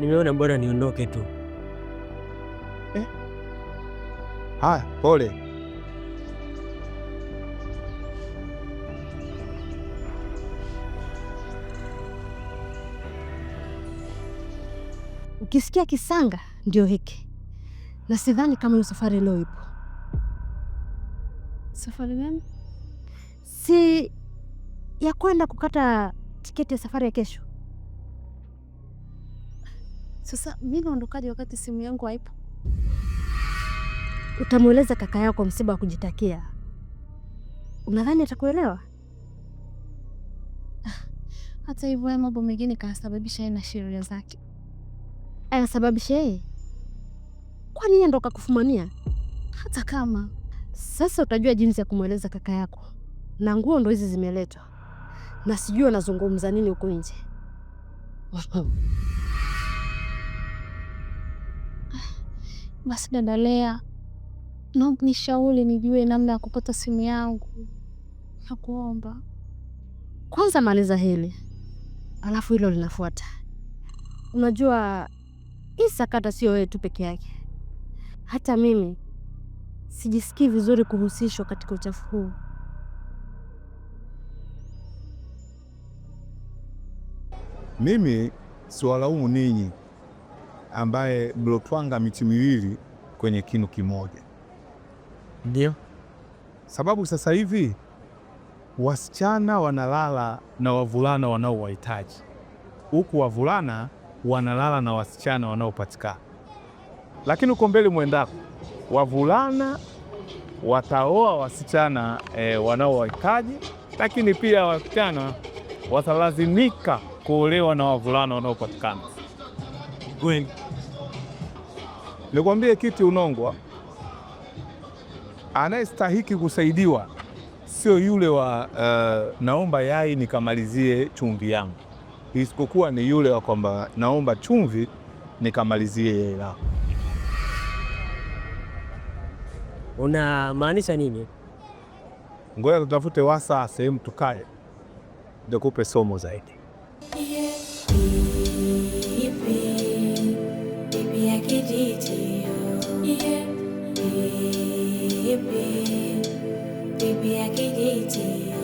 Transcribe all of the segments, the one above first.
nimeona bora niondoke tu eh. Haya, pole. Ukisikia kisanga ndio hiki, na sidhani kama hiyo safari leo ipo. Safari gani? Si ya kwenda kukata tiketi ya safari ya kesho? Sasa mimi naondokaje wakati simu yangu haipo? Utamweleza kaka yako kwa msiba wa kujitakia, unadhani atakuelewa? Hata hivyo haya mambo mengine kayasababisha yeye na sheria zake. Ayasababisha yeye? Kwa nini ndo kakufumania? Hata kama sasa, utajua jinsi ya kumweleza kaka yako, na nguo ndo hizi zimeletwa, na sijui anazungumza nini huko nje. Basi dada Lea, naomba nishauri nijue namna ya kupata simu yangu, nakuomba. Kwanza maliza hili alafu hilo linafuata. Unajua hii sakata sio wewe tu peke yake, hata mimi sijisikii vizuri kuhusishwa katika uchafu huu. Mimi siwalaumu ninyi ambaye mlotwanga miti miwili kwenye kinu kimoja. Ndio sababu sasa hivi wasichana wanalala na wavulana wanaowahitaji, huku wavulana wanalala na wasichana wanaopatikana. Lakini uko mbele mwendako, wavulana wataoa wasichana e, wanaowahitaji, lakini pia wasichana watalazimika kuolewa na wavulana wanaopatikana. Nikwambie kitu Unongwa, anayestahiki kusaidiwa sio yule wa uh, naomba yai nikamalizie chumvi yangu, isipokuwa ni yule wa kwamba naomba chumvi nikamalizie yai lako. Unamaanisha nini? Ngoja tutafute wasaa sehemu tukae, nikupe somo zaidi. We are getting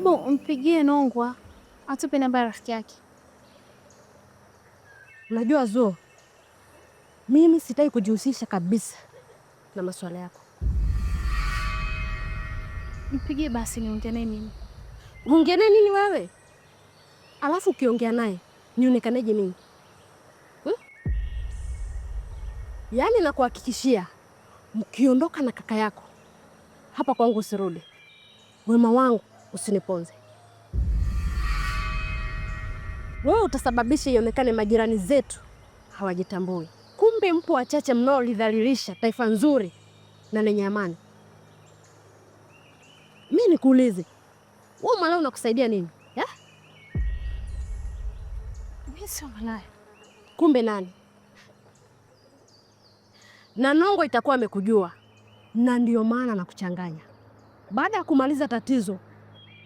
Hebu mpigie Nongwa atupe namba ya rafiki yake. Unajua Zo, mimi sitaki kujihusisha kabisa na masuala yako. Mpigie basi niongee naye mimi. Ongee naye nini wewe? Alafu ukiongea naye nionekaneje mimi? Hmm? Yaani nakuhakikishia mkiondoka na kaka yako hapa kwangu usirudi. Wema wangu usiniponze. Wewe utasababisha ionekane majirani zetu hawajitambui, kumbe mpo wachache mnaolidhalilisha taifa nzuri na lenye amani. Mi nikuulize, wewe malaya unakusaidia nini? Mi sio malaya. Kumbe nani? Na Nongo itakuwa amekujua na ndio maana nakuchanganya. Baada ya kumaliza tatizo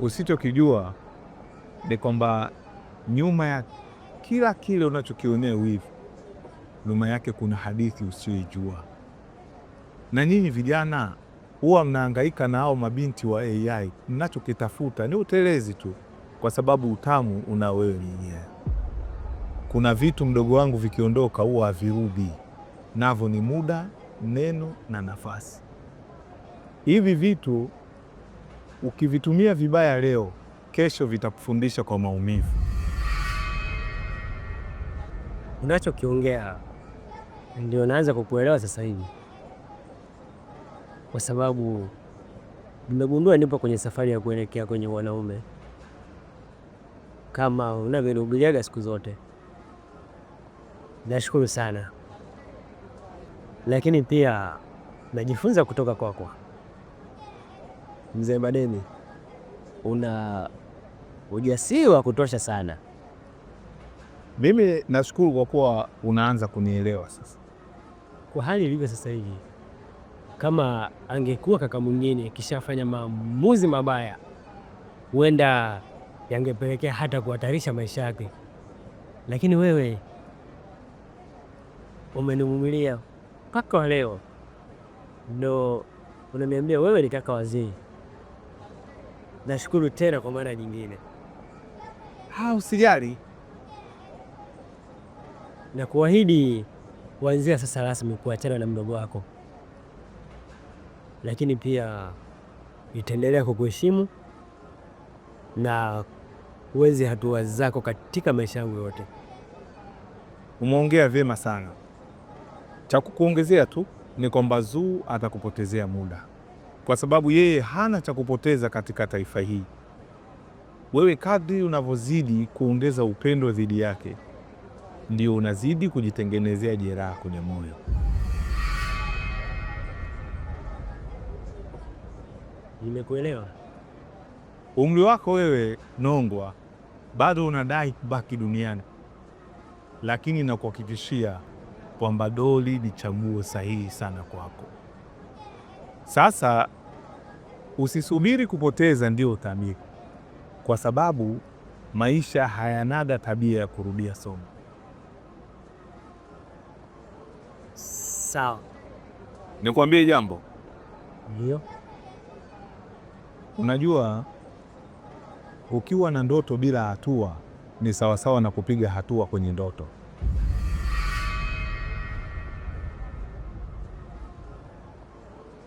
Usichokijua ni kwamba nyuma ya kila kile unachokionea wivu, nyuma yake kuna hadithi usiyoijua. Na nyinyi vijana huwa mnahangaika na hao mabinti wa AI, mnachokitafuta ni utelezi tu, kwa sababu utamu una wewe mwenyewe. Kuna vitu mdogo wangu vikiondoka huwa havirudi, navyo ni muda, neno na nafasi. Hivi vitu Ukivitumia vibaya leo, kesho vitakufundisha kwa maumivu. Unachokiongea ndio naanza kukuelewa sasa hivi, kwa sababu nimegundua nipo kwenye safari ya kuelekea kwenye wanaume kama unavyonihubiriaga siku zote. Nashukuru sana, lakini pia najifunza kutoka kwako kwa. Mzee Madeni, una ujasiri wa kutosha sana. Mimi nashukuru kwa kuwa unaanza kunielewa sasa. Kwa hali ilivyo sasa hivi, kama angekuwa kaka mwingine kishafanya maamuzi mabaya, huenda yangepelekea hata kuhatarisha maisha yake, lakini wewe umenivumilia mpaka leo, ndo unaniambia wewe ni kaka wazee. Nashukuru tena kwa mara nyingine. Ha, ah, usijali, na kuahidi kuanzia sasa rasmi kuachana na mdogo wako, lakini pia nitaendelea kukuheshimu na uwezi hatua zako katika maisha yangu yote. Umeongea vyema sana. Cha kukuongezea tu ni kwamba Zuu atakupotezea muda kwa sababu yeye hana cha kupoteza katika taifa hii. Wewe kadri unavyozidi kuongeza upendo dhidi yake, ndio unazidi kujitengenezea jeraha kwenye moyo. Nimekuelewa. Umri wako wewe Nongwa, bado unadai kubaki duniani, lakini nakuhakikishia kwamba Doli ni chaguo sahihi sana kwako. Sasa Usisubiri kupoteza ndio utamiliki, kwa sababu maisha hayanaga tabia ya kurudia somo. Sawa, nikwambie jambo. Ndio, unajua ukiwa na ndoto bila hatua ni sawasawa na kupiga hatua kwenye ndoto.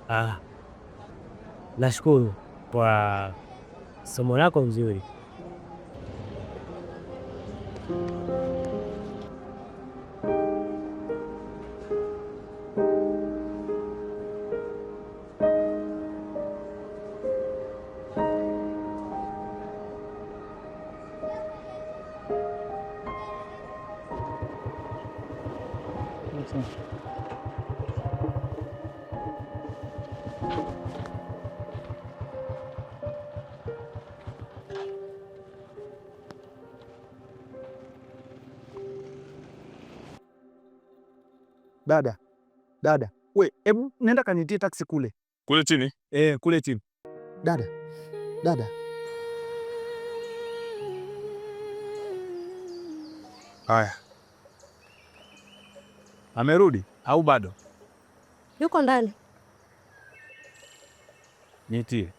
Ah. Nashukuru kwa somo lako nzuri. dada, dada we, hebu nenda kanitie taksi kule kule chini e, kule chini dada, dada Haya, amerudi au bado yuko ndani? Nitie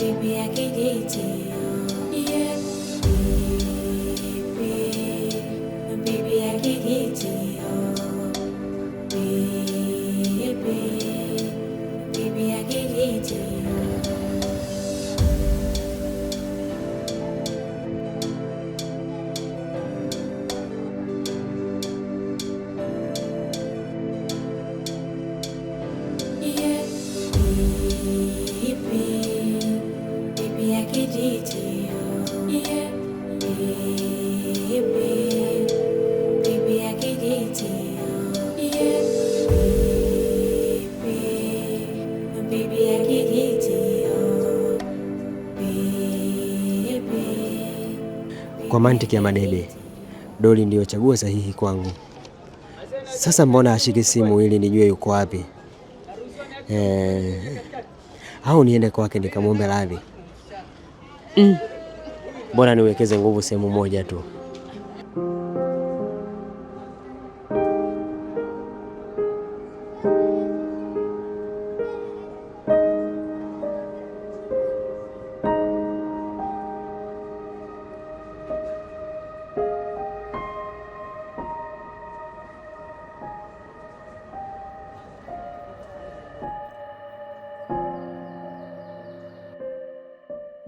টিপি একে গেছে Kwa mantiki ya madebe, Doli ndiyo chaguo sahihi kwangu. Sasa mbona ashiki simu ili nijue yuko wapi? Eh, au niende kwake nikamwombe radhi mm. niwekeze nguvu sehemu moja tu.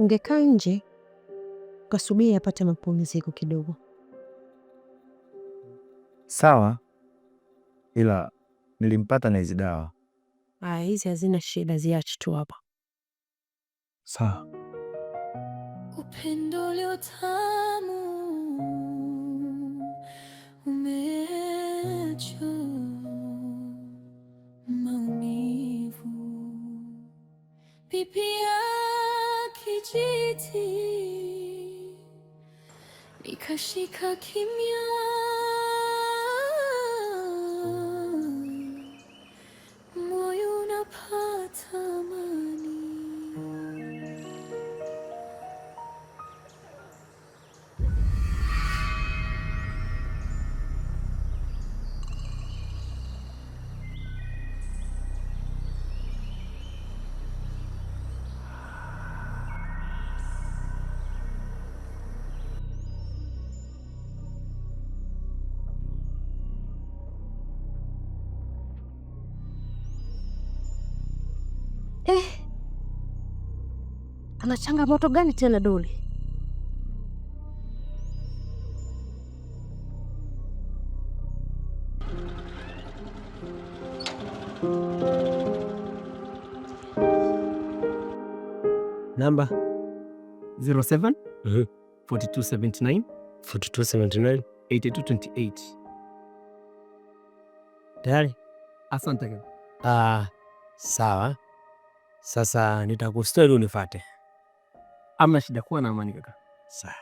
Ungekaa nje ukasubiri apate mapumziko kidogo. Sawa, ila nilimpata na hizi dawa. Aya, ah, hizi hazina shida, ziache tu hapa. Sawa. Upendo uliotamu tamu maumivu pipia जीथी निखशी का Khimiya Ana changamoto gani tena Doli? Namba 07 uh-huh. 4279 4279 8228. Tayari? Asante. Ah, sawa. Sasa nitakustori unifate. Amna shida, kuwa na amani kaka. Sawa.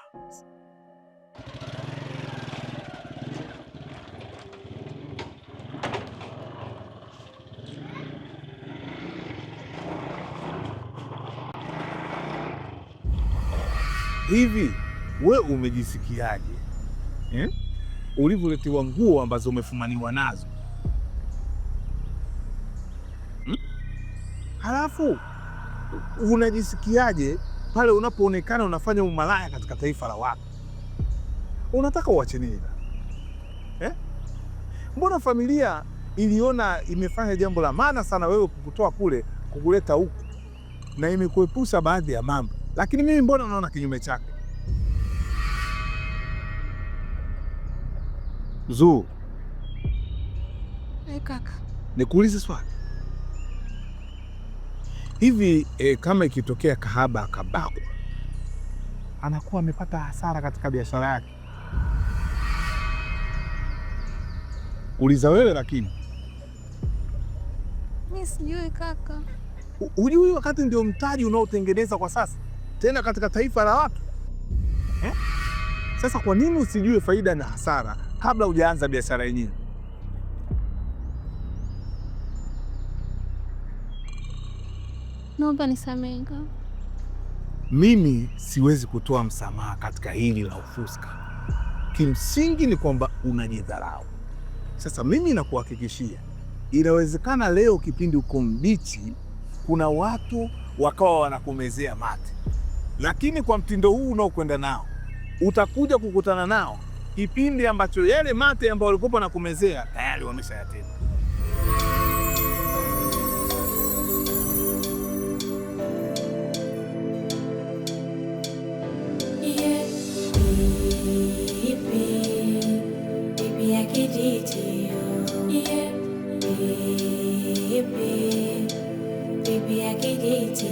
Hivi we umejisikiaje eh? Ulivyoletewa nguo ambazo umefumaniwa nazo hmm? Halafu unajisikiaje pale unapoonekana unafanya umalaya katika taifa la watu, unataka uache nini eh? Mbona familia iliona imefanya jambo la maana sana wewe kukutoa kule kukuleta huku na imekuepusha baadhi ya mambo, lakini mimi mbona naona kinyume chake? Zuu, hey eh, kaka, nikuulize swali hivi e, kama ikitokea kahaba akabakwa anakuwa amepata hasara katika biashara yake? Uliza wewe, lakini mimi sijui kaka. Hujui wakati ndio mtaji unaotengeneza kwa sasa, tena katika taifa la watu eh? Sasa kwa nini usijue faida na hasara kabla hujaanza biashara yenyewe? naomba nisamehe. Mimi siwezi kutoa msamaha katika hili la ufuska. Kimsingi ni kwamba unajidharau. Sasa mimi nakuhakikishia, inawezekana leo kipindi uko mbichi, kuna watu wakawa wanakumezea mate, lakini kwa mtindo huu unaokwenda nao utakuja kukutana nao kipindi ambacho yale mate ambayo walikuwa wanakumezea tayari wameshayatenda. Baby, I can get